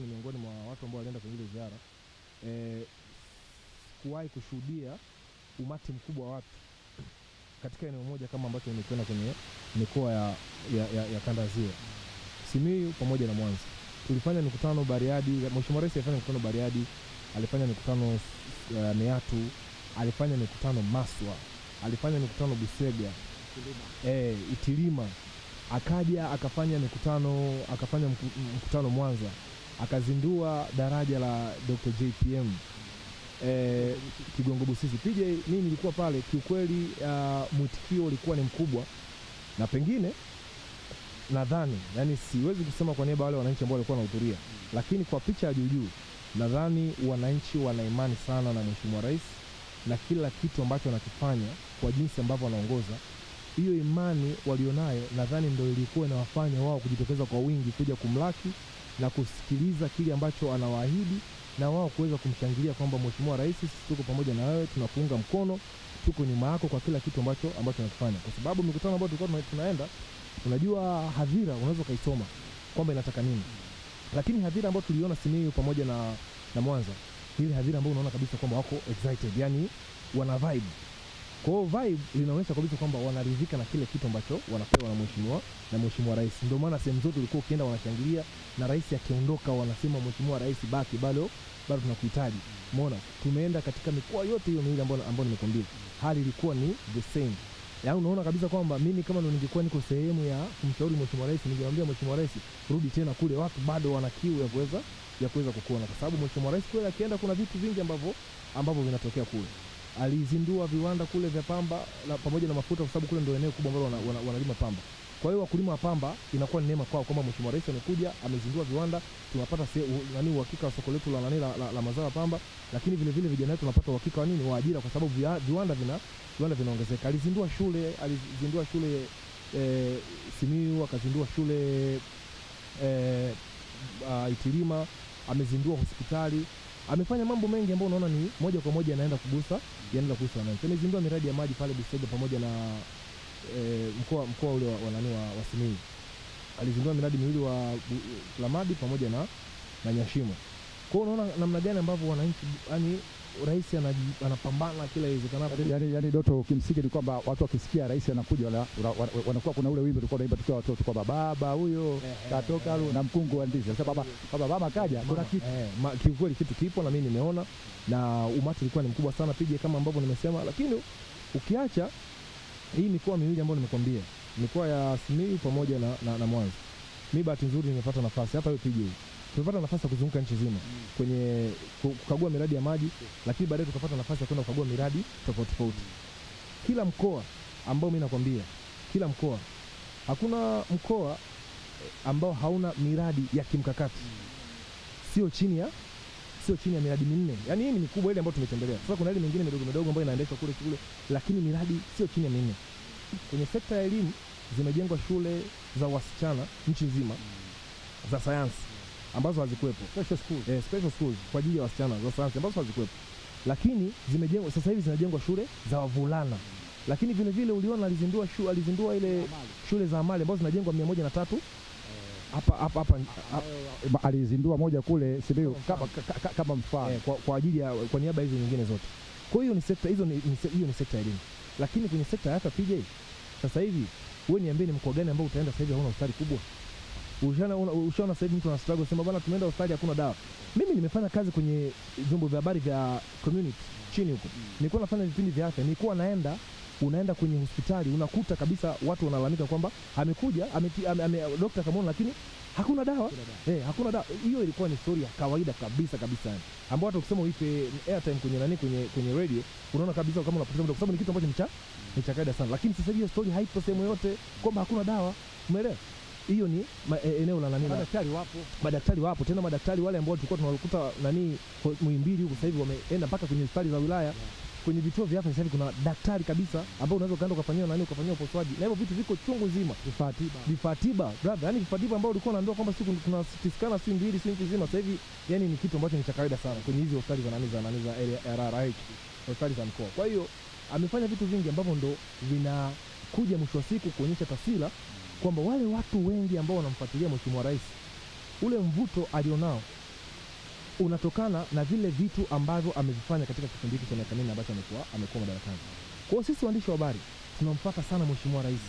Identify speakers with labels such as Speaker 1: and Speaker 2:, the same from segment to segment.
Speaker 1: nilikuwa ni miongoni mwa watu ambao walienda kwenye ile ziara e, kuwahi kushuhudia umati mkubwa wa watu katika eneo moja kama ambacho nimekwenda kwenye mikoa ya, ya, ya, ya kanda ziwa Simiyu pamoja na Mwanza. Tulifanya mikutano Bariadi, Mheshimiwa Rais alifanya mikutano Bariadi, alifanya mikutano uh, Meatu, alifanya mikutano Maswa, alifanya mikutano Busega, eh, Itilima, akaja akafanya mikutano akafanya mkutano Mwanza akazindua daraja la Dr. JPM e, eh, Kigongo Busisi. PJ, mimi nilikuwa pale kiukweli, uh, mwitikio ulikuwa ni mkubwa, na pengine nadhani, yani siwezi kusema kwa niaba wale wananchi ambao walikuwa wanahudhuria, lakini kwa picha ya juujuu, nadhani wananchi wana imani sana na Mheshimiwa Rais na kila kitu ambacho anakifanya kwa jinsi ambavyo anaongoza hiyo imani walionayo nadhani ndio ilikuwa inawafanya wao kujitokeza kwa wingi kuja kumlaki na kusikiliza kile ambacho anawaahidi na wao kuweza kumshangilia kwamba Mheshimiwa Rais, sisi tuko pamoja na wewe, tunakuunga mkono, tuko nyuma yako kwa kila kitu ambacho ambacho unakifanya, kwa sababu mikutano ambayo tulikuwa tunaenda, unajua hadhira unaweza ukaisoma kwamba inataka nini, lakini hadhira ambayo tuliona Simiyu pamoja na, na Mwanza, ile hadhira ambayo unaona kabisa kwamba wako excited, yani wana vibe kwao vibe linaonyesha kabisa kwamba wanaridhika na kile kitu ambacho wanapewa na mheshimiwa na mheshimiwa rais. Ndio maana sehemu zote ulikuwa ukienda wanashangilia, na rais akiondoka wanasema mheshimiwa rais baki, bado bado tunakuhitaji. Umeona, tumeenda katika mikoa yote hiyo miwili ambayo ambayo nimekwambia, hali ilikuwa ni the same. Yaani unaona kabisa kwamba mimi kama ndo ningekuwa niko sehemu ya kumshauri mheshimiwa rais, ningemwambia mheshimiwa rais, rudi tena kule, watu bado wana kiu ya kuweza ya kuweza kukuona, kwa sababu mheshimiwa rais kule akienda, kuna vitu vingi ambavyo ambavyo vinatokea kule alizindua viwanda kule vya pamba la, pamoja na mafuta, kwa sababu kule ndio eneo kubwa ambalo wanalima wana, wana pamba. Kwa hiyo wakulima wa pamba inakuwa ni neema kwao kwamba mheshimiwa rais amekuja amezindua viwanda, tunapata nani uhakika wa soko letu la, nani, la, la, la mazao ya pamba, lakini vile vile vijana wetu tunapata uhakika wa nini wa ajira, kwa sababu vya, viwanda vina viwanda vinaongezeka. Alizindua shule alizindua shule e, Simiyu, akazindua shule e, a, Itilima, amezindua hospitali amefanya mambo mengi ambayo unaona ni moja kwa moja anaenda kugusa yanaenda kugusa wananchi. Amezindua miradi ya maji pale Busega pamoja na e, mkoa mkoa ule wa nani wa, wa alizindua miradi miwili wa Lamadi pamoja na na Nyashimo. Kwa hiyo unaona namna gani ambavyo wananchi yani rais anapambana
Speaker 2: kila iwezekanavyo. Yani, yani yaani Doto, kimsingi ni kwamba watu wakisikia rais anakuja wanakuwa kuna ule wimbo tulikuwa tunaimba tukiwa watoto kwamba baba huyo eh, eh, katoka eh, na mkungu wa ndizi. Sasa baba baba baba kaja, kuna kitu kiukweli, kitu kipo na mimi nimeona, na umati ulikuwa ni mkubwa sana pige kama ambavyo nimesema, lakini ukiacha hii mikoa miwili ambayo nimekwambia mikoa ya Simiyu pamoja na, na, na Mwanza, mi bahati nzuri nimepata nafasi hata hiyo pige tumepata nafasi ya kuzunguka nchi nzima kwenye kukagua miradi ya maji, lakini baadaye tukapata nafasi ya kwenda kukagua miradi tofauti tofauti. Kila mkoa ambao mimi nakwambia, kila mkoa, hakuna mkoa eh, ambao hauna miradi ya kimkakati, sio chini ya sio chini ya miradi minne. Yaani hii ni mikubwa ile ambayo tumetembelea. Sasa kuna ile mingine midogo midogo ambayo inaendeshwa kule kule, lakini miradi sio chini ya minne. Kwenye sekta ya elimu zimejengwa shule za wasichana nchi nzima za sayansi ambazo hazikuwepo special schools, eh, special schools kwa ajili ya wasichana za sayansi ambazo hazikuwepo, lakini zimejengwa sasa hivi zinajengwa shule za wavulana lakini vile vile uliona alizindua shu, alizindua ile shule za amali ambazo zinajengwa mia moja na tatu hapa hapa hapa alizindua moja kule si kama kama mfano eh, kwa, kwa ajili ya kwa niaba hizo nyingine zote. Kwa hiyo ni sekta hizo, ni hiyo ni sekta ya elimu, lakini kwenye sekta ya afya PJ, sasa hivi wewe niambie, ni mkoa gani ambao utaenda sasa hivi hauna hospitali kubwa? Ushaona ushaona sasa hivi mtu ana sema bwana tumeenda hospitali hakuna dawa. Mimi nimefanya kazi kwenye vyombo vya habari vya community chini huko. Nilikuwa nafanya vipindi vya afya, nilikuwa naenda unaenda kwenye hospitali unakuta kabisa watu wanalalamika kwamba amekuja ame, ame, ame, dokta kamwona lakini hakuna dawa eh, hakuna dawa. Hiyo ilikuwa ni story ya kawaida kabisa kabisa, yani. ambao hata ukisema uipe airtime kwenye nani, kwenye kwenye radio, unaona kabisa kama unapoteza muda, kwa sababu ni kitu ambacho ni cha ni cha kawaida sana. Lakini sasa hiyo story haipo sehemu yote kwamba hakuna dawa, umeelewa? hiyo ni ma, e, eneo la nani, madaktari wapo, madaktari wapo tena, madaktari wale ambao tulikuwa tunawakuta nani Muhimbili huko, sasa hivi wameenda mpaka kwenye hospitali za wilaya Kwenye vituo vya afya sasa hivi kuna daktari kabisa ambao unaweza kaenda ukafanyiwa nani ukafanyiwa upasuaji, na hivyo vitu viko chungu nzima, vifaa tiba, vifaa tiba brother, yani vifaa tiba ambao ulikuwa unaambiwa kwamba siku tunasikisikana siku mbili siku nzima, sasa hivi yani ni kitu ambacho ni cha kawaida sana kwenye hizo hospitali za nani za nani za RRH hospitali za mkoa. Kwa hiyo amefanya vitu vingi ambavyo ndo vinakuja mwisho wa siku kuonyesha taswira kwamba wale watu wengi ambao wanamfuatilia mheshimiwa rais, ule mvuto alionao unatokana na vile vitu ambavyo amevifanya katika kipindi hiki cha miaka minne ambacho amekuwa amekuwa madarakani. Kwa hiyo sisi waandishi wa habari tunamfuata sana mheshimiwa rais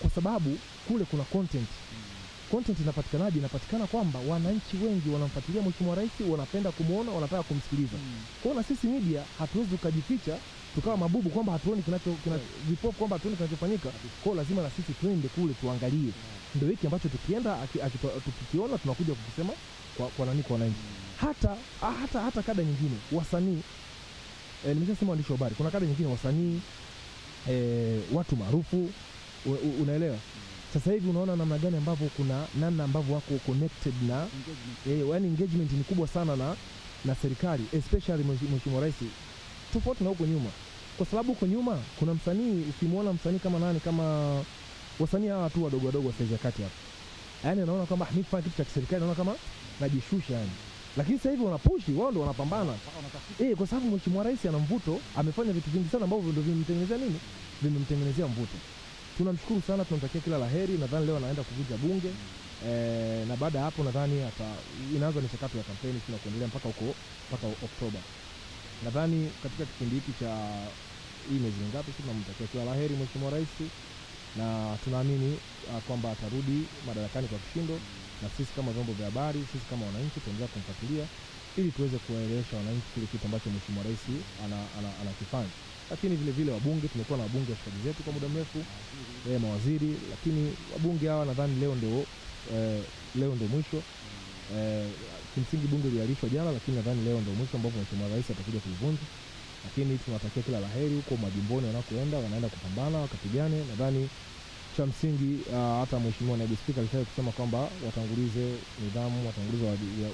Speaker 2: kwa sababu kule kuna content content inapatikanaje? Inapatikana kwamba wananchi wengi wanamfuatilia mheshimiwa rais, wanapenda kumwona, wanataka kumsikiliza. Mm. Kwa na sisi media hatuwezi tukajificha tukawa mabubu kwamba hatuoni kinacho kina, vipofu kwamba hatuoni kinachofanyika. Kwa lazima na sisi twende kule tuangalie. Yeah. Ndio hiki ambacho tukienda tukikiona tunakuja kukisema kwa, kwa nani kwa wananchi. Mm. Hata, ah, hata hata kada nyingine wasanii eh, nimeshasema waandishi wa habari, kuna kada nyingine wasanii eh, watu maarufu unaelewa. Mm sasa hivi unaona namna gani ambavyo kuna namna ambavyo wako connected na eh, yani engagement ni kubwa sana na na serikali especially Mheshimiwa Rais, tofauti na huko nyuma, kwa sababu huko nyuma kuna msanii ukimwona msanii kama nani kama wasanii hawa tu wadogo wadogo sasa hivi kati hapa, yani anaona kama mimi kufanya kitu cha serikali naona kama najishusha yani lakini sasa hivi wanapushi wao ndio wanapambana eh, kwa sababu mheshimiwa rais ana mvuto, amefanya vitu vingi sana ambavyo ndio vimemtengenezea nini, vimemtengenezea mvuto tunamshukuru sana, tunamtakia kila laheri. Nadhani leo anaenda kuvunja bunge e, na baada ya hapo nadhani hata inaanza michakato ya kampeni sina kuendelea mpaka huko mpaka Oktoba. Nadhani katika kipindi hiki cha hii miezi mingapi, tunamtakia kila laheri Mheshimiwa Rais na tunaamini ah, kwamba atarudi madarakani kwa kishindo, na sisi kama vyombo vya habari, sisi kama wananchi tutaendelea kumfuatilia ili tuweze kuwaelewesha wananchi kile kitu ambacho mheshimiwa rais anakifanya ana, ana lakini vile vile wabunge, tumekuwa na wabunge wa shughuli zetu kwa muda mrefu e, mawaziri, lakini wabunge hawa nadhani leo ndio e, leo ndio mwisho e, kimsingi bunge lialishwa jana, lakini nadhani leo ndio mwisho ambapo mheshimiwa rais atakuja kuivunja lakini tunawatakia kila laheri huko majimboni wanakoenda, wanaenda kupambana wakapigane. Nadhani cha msingi uh, hata mheshimiwa naibu spika alishawahi kusema kwamba watangulize nidhamu, watangulize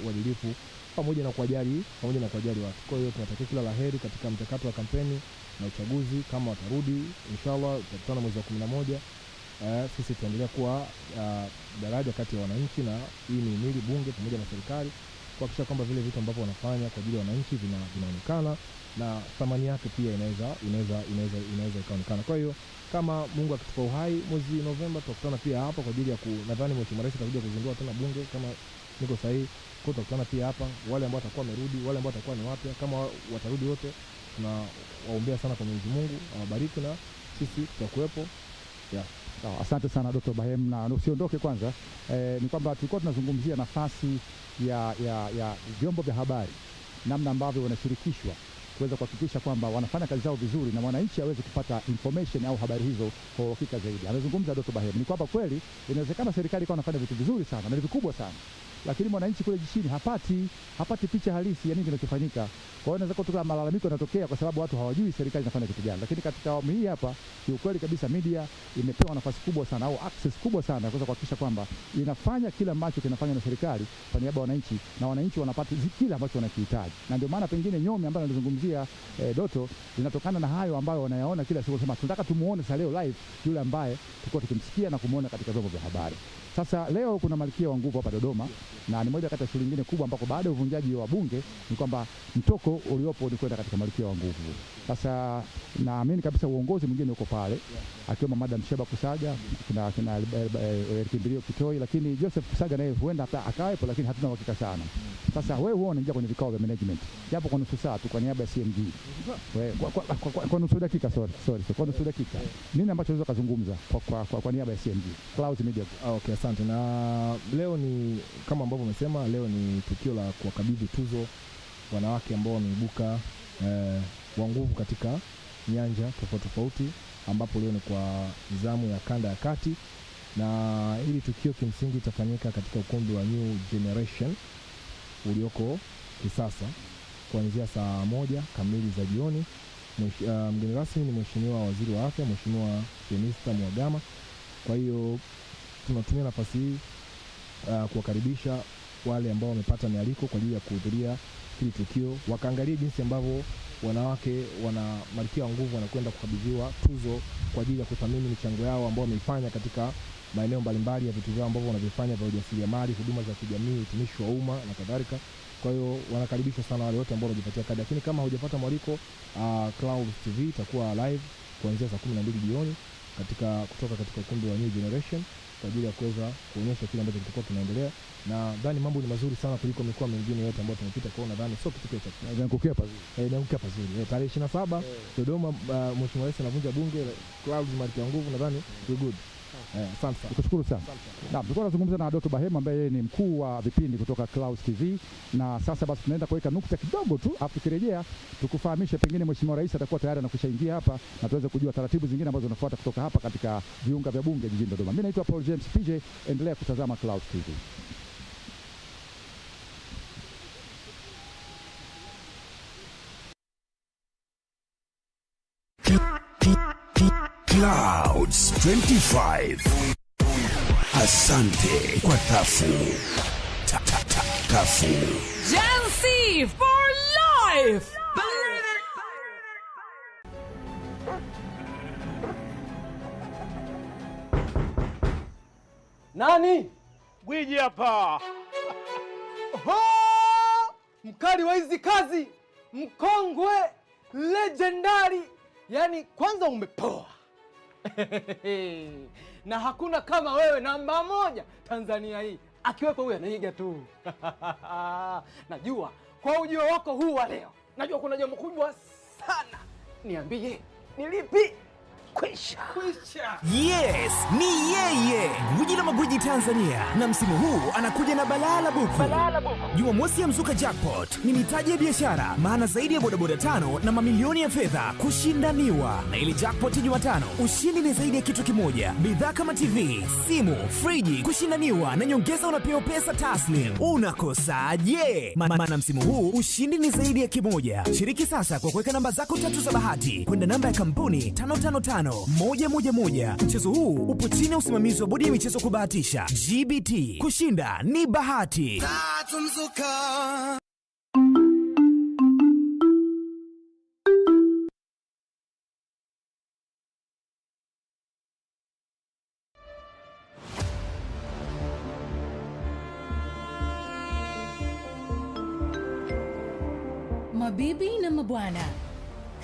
Speaker 2: uadilifu pamoja na kuajali pamoja na kuajali watu. Kwa hiyo tunatakia kila laheri katika mchakato wa kampeni na uchaguzi. Kama watarudi, inshallah tutakutana mwezi wa kumi na moja. Uh, sisi tutaendelea kuwa uh, daraja kati ya wananchi na hii mihimili bunge pamoja na serikali kuhakikisha kwamba vile vitu ambavyo wanafanya kwa ajili ya wananchi vinaonekana vina na thamani yake pia inaweza inaweza inaweza inaweza ikaonekana. Kwa hiyo kama Mungu akitupa uhai mwezi Novemba, tutakutana pia hapa kwa ajili ya ku, nadhani mheshimiwa rais atakuja kuzindua tena bunge kama niko sahihi, kwa tutakutana pia hapa. Wale ambao watakuwa wamerudi, wale ambao watakuwa ni wapya, kama watarudi wote, tuna waombea sana kwa Mwenyezi Mungu awabariki, na sisi tutakuwepo yeah. Sawa, asante sana Dr. Bahem, na usiondoke kwanza. E, ni kwamba tulikuwa tunazungumzia nafasi ya, ya, ya vyombo vya habari, namna ambavyo wanashirikishwa kuweza kuhakikisha kwamba wanafanya kazi zao vizuri na mwananchi aweze kupata information au habari hizo kwa uhakika zaidi. Amezungumza Dr. Bahemu ni kwamba kweli inawezekana serikali ikawa inafanya vitu vizuri sana na ni vikubwa sana lakini mwananchi kule jishini hapati hapati picha halisi ya nini kinachofanyika. Kwa hiyo inaweza kutoka malalamiko yanatokea kwa sababu watu hawajui serikali inafanya kitu gani, lakini katika awamu hii hapa kiukweli kabisa media imepewa nafasi kubwa sana au access kubwa sana kuweza kuhakikisha kwamba inafanya kila ambacho kinafanywa na serikali kwa niaba ya wananchi na wananchi wanapata kila ambacho wanakihitaji, na ndio maana pengine nyome ambayo anazungumzia eh, Doto linatokana na hayo ambayo wanayaona kila siku, sema tunataka tumuone sasa leo live yule ambaye tulikuwa tukimsikia na kumuona katika vyombo vya habari. Sasa leo kuna malkia wa nguvu hapa Dodoma na ni moja kati ya shughuli nyingine kubwa ambako baada ya uvunjaji wa bunge ni kwamba mtoko uliopo ni kwenda katika malkia wa nguvu. Sasa naamini kabisa uongozi mwingine uko pale akiwemo Madam Sheba Kusaga kina kina eh, eh, eh, Kimbilio Kitoi, lakini Joseph Kusaga naye huenda hata akawepo, lakini hatuna uhakika sana. Sasa wewe huwa unaingia kwenye vikao vya management japo kwa nusu saa tu kwa niaba ya CMG, kwa nusu dakika, sorry sorry, kwa nusu dakika, nini ambacho unaweza kuzungumza kwa kwa niaba ya CMG
Speaker 3: Clouds Media? Ah, okay, asante. Na leo ni kama ambavyo umesema, leo ni tukio la kuwakabidhi tuzo wanawake ambao wameibuka eh, wa nguvu katika nyanja tofauti tofauti, ambapo leo ni kwa zamu ya kanda ya kati, na hili tukio kimsingi itafanyika katika ukumbi wa New Generation ulioko kisasa kuanzia saa moja kamili za jioni. Uh, mgeni rasmi ni mweshimiwa Waziri wa Afya, mweshimiwa Jenista mwagama Kwa hiyo tunatumia nafasi hii uh, kuwakaribisha wale ambao wamepata mialiko kwa ajili ya kuhudhuria hili tukio, wakaangalia jinsi ambavyo wanawake wana malkia wa nguvu wanakwenda kukabidhiwa tuzo kwa ajili ya kuthamini michango yao ambao wameifanya katika maeneo mbalimbali ya vitu vyao ambavyo wanavifanya vya ujasiriamali, huduma za kijamii, utumishi wa umma na kadhalika. Kwa hiyo wanakaribishwa sana wale wote ambao wamejipatia kadi, lakini kama hujapata mwaliko uh, Clouds TV itakuwa live kuanzia saa kumi na mbili jioni katika kutoka katika ukumbi wa New Generation kwa ajili ya kuweza kuonyesha kile ambacho kitakuwa kinaendelea, na nadhani mambo ni mazuri sana kuliko mikoa mingine yote ambayo tumepita. kwao. nadhani sio kitu cha inaangukia pazuri, eh, inaangukia pazuri. Eh, tarehe 27 eh. Dodoma, ah, Mheshimiwa Rais anavunja bunge, Clouds Malkia Nguvu, nadhani we good. Salsa. Nikushukuru eh, sana. Naam,
Speaker 2: tulikuwa tunazungumza na Dr. Bahema ambaye yeye ni mkuu wa vipindi kutoka Clouds TV, na sasa basi tunaenda kuweka nukta kidogo tu, afu tukirejea tukufahamishe, pengine Mheshimiwa Rais atakuwa tayari na ingia hapa na tuweze kujua taratibu zingine ambazo zinafuata kutoka hapa katika viunga vya bunge jijini Dodoma. Mimi naitwa Paul James PJ, endelea kutazama Clouds TV.
Speaker 4: Clouds Awards 25. Asante kwa Tafu.
Speaker 5: Ta, ta, ta, tafu. Jansi for life.
Speaker 6: Nani?
Speaker 7: Gwiji hapa.
Speaker 6: Mkali wa hizi kazi, mkongwe, legendari. Yaani kwanza umepoa. na hakuna kama wewe namba moja Tanzania hii, akiwepo huyo anaiga tu. Najua kwa ujio wako huu wa leo, najua kuna jambo kubwa sana. Niambie, ni lipi? Kwisha.
Speaker 8: Yes, ni yeye gwiji la magwiji Tanzania, na msimu huu anakuja na balaa la buku. Jumamosi ya mzuka jackpot ni mitaji ya biashara, maana zaidi ya bodaboda tano na mamilioni ya fedha kushindaniwa, na ili jackpot ya Jumatano ushindi ni zaidi ya kitu kimoja, bidhaa kama TV, simu, friji kushindaniwa na nyongeza, unapewa pesa taslim. Unakosaje? Maana msimu huu ushindi ni zaidi ya kimoja. Shiriki sasa kwa kuweka namba zako tatu za bahati kwenda namba ya kampuni tano moja. Mchezo huu upo chini ya usimamizi wa bodi ya michezo kubahatisha. GBT, kushinda ni bahati.
Speaker 9: Mabibi na mabwana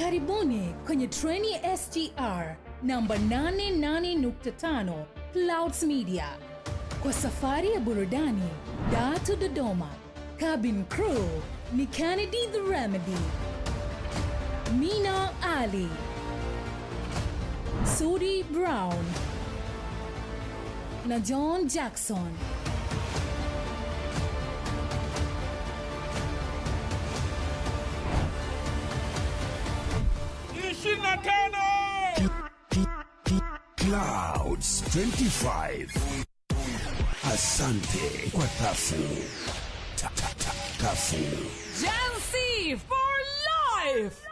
Speaker 9: Karibuni kwenye treni SGR namba 88.5 Clouds Media kwa safari ya burudani Dar to Dodoma. Cabin crew ni Kennedy the Remedy, Mina Ali, Sudi Brown na John Jackson.
Speaker 10: Clouds 25 Asante kwa Tafu Tafu Jansi for life